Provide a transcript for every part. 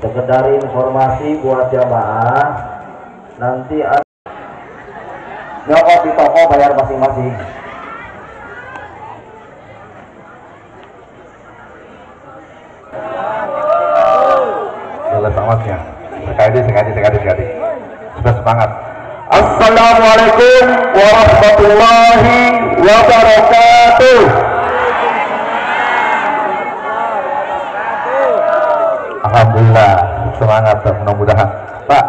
sekedar informasi buat jamaah nanti ada nyokot di toko bayar masing-masing tamatnya sekali sekali sekali sekali sudah semangat Assalamualaikum warahmatullahi wabarakatuh Alhamdulillah semangat dan mudah-mudahan Pak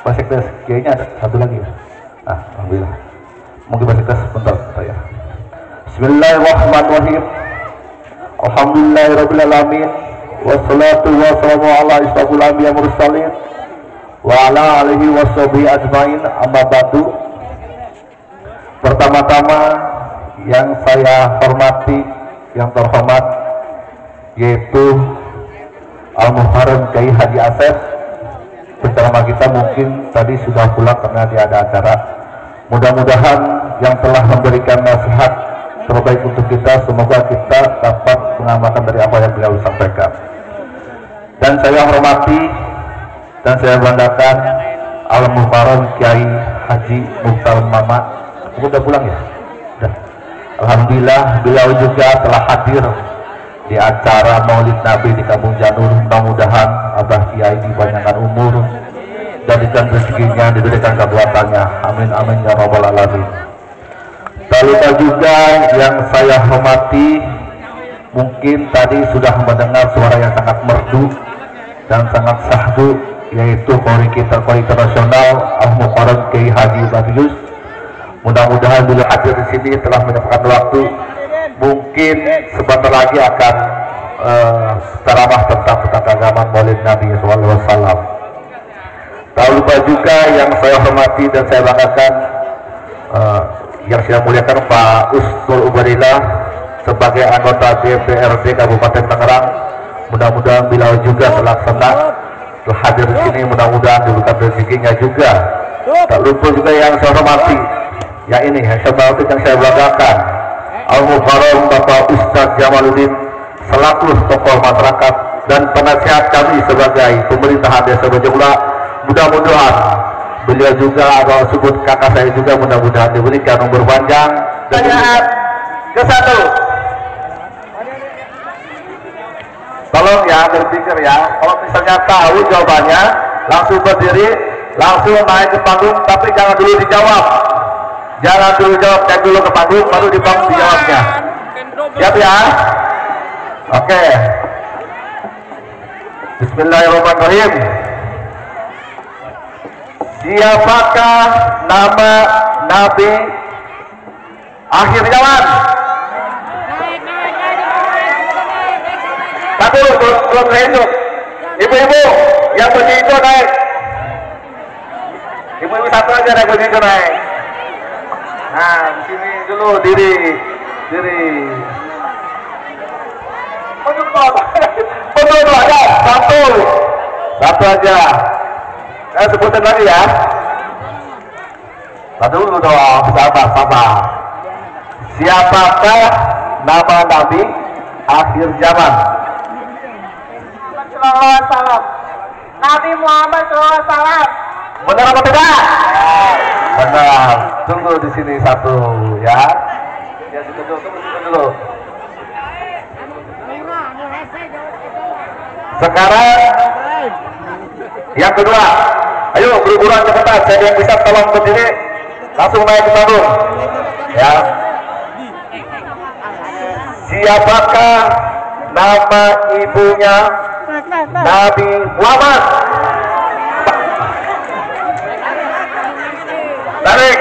Pak Sekdes kayaknya ada satu lagi ya ah, Alhamdulillah mungkin Pak Sekdes bentar Pak ya Bismillahirrahmanirrahim Alhamdulillahirrahmanirrahim Wassalatu wassalamu ala ishtaful anbiya mursalin Wa ala alihi washabi ajmain amma batu Pertama-tama yang saya hormati yang terhormat yaitu Al Muharram Kiai Haji Asep bersama kita mungkin tadi sudah pulang karena dia ada acara mudah-mudahan yang telah memberikan nasihat terbaik untuk kita semoga kita dapat mengamalkan dari apa yang beliau sampaikan dan saya hormati dan saya banggakan Al Muharram Kiai Haji Mukhtar Mama sudah pulang ya Alhamdulillah beliau juga telah hadir di acara Maulid Nabi di Kampung Janur mudah-mudahan Abah Kiai dipanjangkan umur dan rezekinya diberikan kekuatannya amin amin ya rabbal alamin tak lupa juga yang saya hormati mungkin tadi sudah mendengar suara yang sangat merdu dan sangat sahdu yaitu kori kita kori internasional Al Mukarram Kiai Haji mudah-mudahan beliau hadir di sini telah mendapatkan waktu mungkin sebentar lagi akan uh, eh, ceramah tentang agama Maulid Nabi SAW. Tak lupa juga yang saya hormati dan saya banggakan uh, yang saya muliakan Pak Ustul Ubarilah sebagai anggota DPRD Kabupaten Tangerang. Mudah-mudahan beliau juga telah senang hadir di sini. Mudah-mudahan diberikan rezekinya juga. Tak lupa juga yang saya hormati ya ini yang saya yang saya banggakan al mufarol Bapak Ustaz Jamaluddin selaku tokoh masyarakat dan penasihat kami sebagai pemerintahan desa Bojongla mudah-mudahan beliau juga atau sebut kakak saya juga mudah-mudahan diberikan umur panjang penasihat ke satu tolong ya berpikir ya kalau misalnya tahu jawabannya langsung berdiri langsung naik ke panggung tapi jangan dulu dijawab Jangan dulu jawabnya dulu ke panggung, baru di panggung dijawabnya. Ya. Siap ya? Oke. Bismillahirrahmanirrahim. Siapakah nama Nabi akhir zaman? Tapi belum saya Ibu-ibu yang begitu naik. Ibu-ibu satu aja yang begitu naik. Nah, sini dulu diri, diri. Penutup, penutup ya, satu, satu aja. Eh, ya, sebutin lagi ya. Satu dulu dong, siapa, siapa Siapakah nama Nabi akhir zaman? salam Nabi Muhammad salam Alaihi Wasallam. Benar apa tidak? Ya. Benar. Tunggu di sini satu ya. Ya dulu. Sekarang yang kedua, ayo berburuan cepetan. Saya yang bisa tolong berdiri langsung naik ke panggung. Ya. Siapakah nama ibunya Nabi Muhammad? Tarik.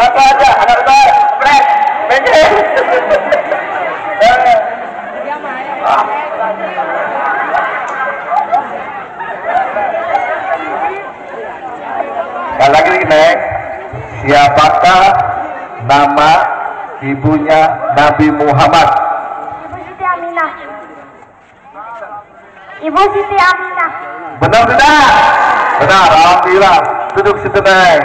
Satu aja, anak besar. Pres, minggir. Sekali lagi naik. Siapakah nama ibunya Nabi Muhammad? Ibu Siti Aminah. Ibu Siti Aminah. Benar tidak? Benar, Alhamdulillah. Duduk situ, Neng.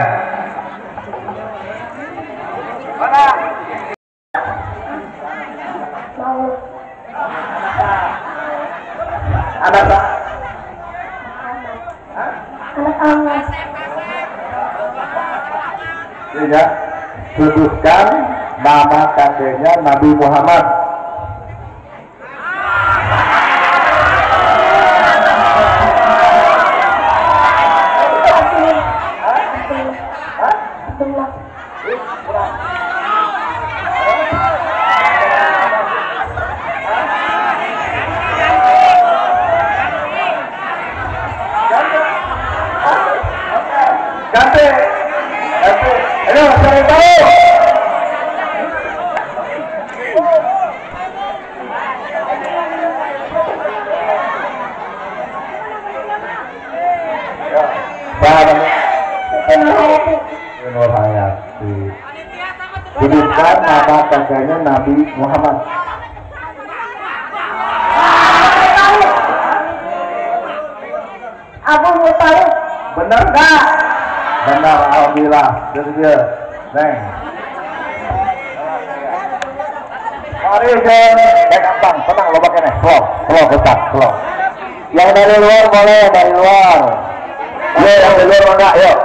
Mana? Ada apa? Tidak, iya. tuduhkan nama kakeknya Nabi Muhammad tương lai Cante, cante, hello, hello, hello. merupakan nama baganya Nabi Muhammad. Abu Mutalib. Benar nggak? Benar, alhamdulillah. Terus dia, neng. Mari Jen, neng tenang lo pakai nih, Slow, slow, besar, slow. Yang dari luar boleh, dari luar. Yo, yang dari luar enggak, yuk.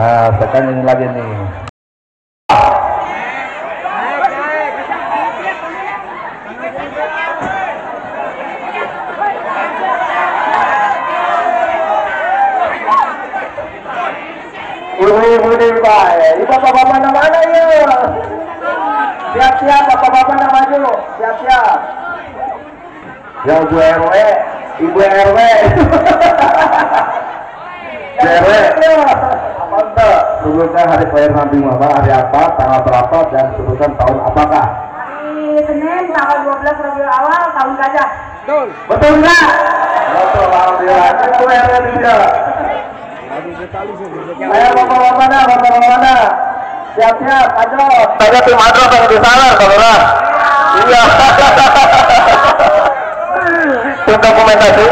Nah, tekan ini lagi nih. Budi-budi baik. Itu bapak-bapak mana ya? Siap-siap bapak-bapak nak maju. Siap-siap. Ya ibu RW, ibu RW. Derek. Sebutkan hari kelahiran Nabi Muhammad hari apa, tanggal berapa, dan sebutkan tahun apakah? Hari Senin tanggal 12 Rabiul Awal tahun gajah. Betul. Betul enggak? Betul, alhamdulillah. Itu yang tadi Ayo bapak-bapak dah, bapak-bapak dah. Siap-siap, ajot. Saya tim Adros yang di sana, saudara. Iya. Untuk komentasi.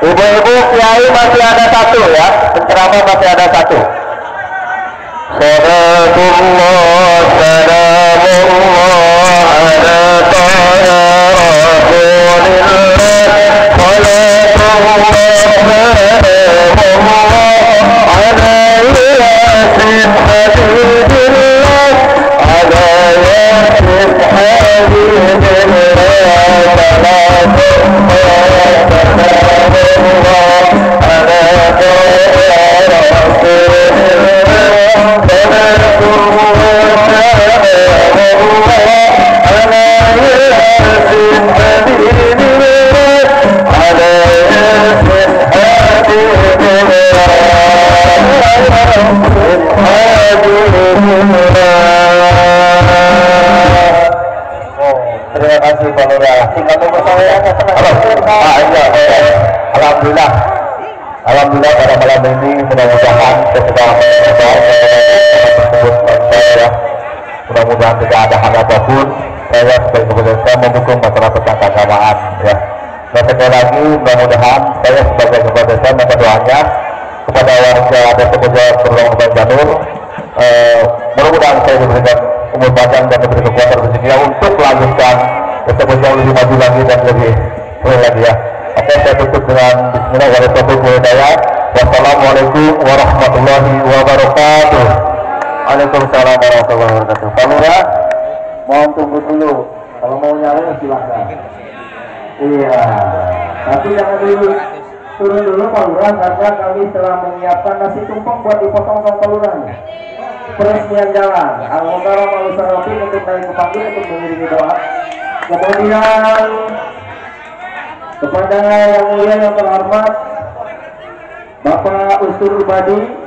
Ibu-ibu kiai masih ada satu ya, penceramah masih ada satu. Sadaqullah, sadaqullah, ada ta'arafin. mudah-mudahan tidak ada hal apapun saya sebagai kebetulan saya mendukung masalah tentang keagamaan ya dan sekali lagi mudah-mudahan saya sebagai kebetulan saya doanya kepada warga dan pekerja berlaku dan Janur eh, mudah-mudahan saya diberikan umur panjang dan diberi kekuatan rezekinya untuk melanjutkan ketemu yang lebih maju lagi dan lebih keren lagi ya oke saya tutup dengan Bismillahirrahmanirrahim Wassalamualaikum warahmatullahi wabarakatuh. Waalaikumsalam warahmatullahi wabarakatuh. Kamera, ya, mohon tunggu dulu. Kalau mau nyala silahkan. Iya. Tapi jangan dulu turun dulu Pak Lurah karena kami telah menyiapkan nasi tumpeng buat dipotong sama Pak Lurah. Peresmian jalan. Al-Mukarram al untuk naik ke panggung untuk mengiringi doa. Kemudian kepada yang mulia yang terhormat Bapak Ustur Badi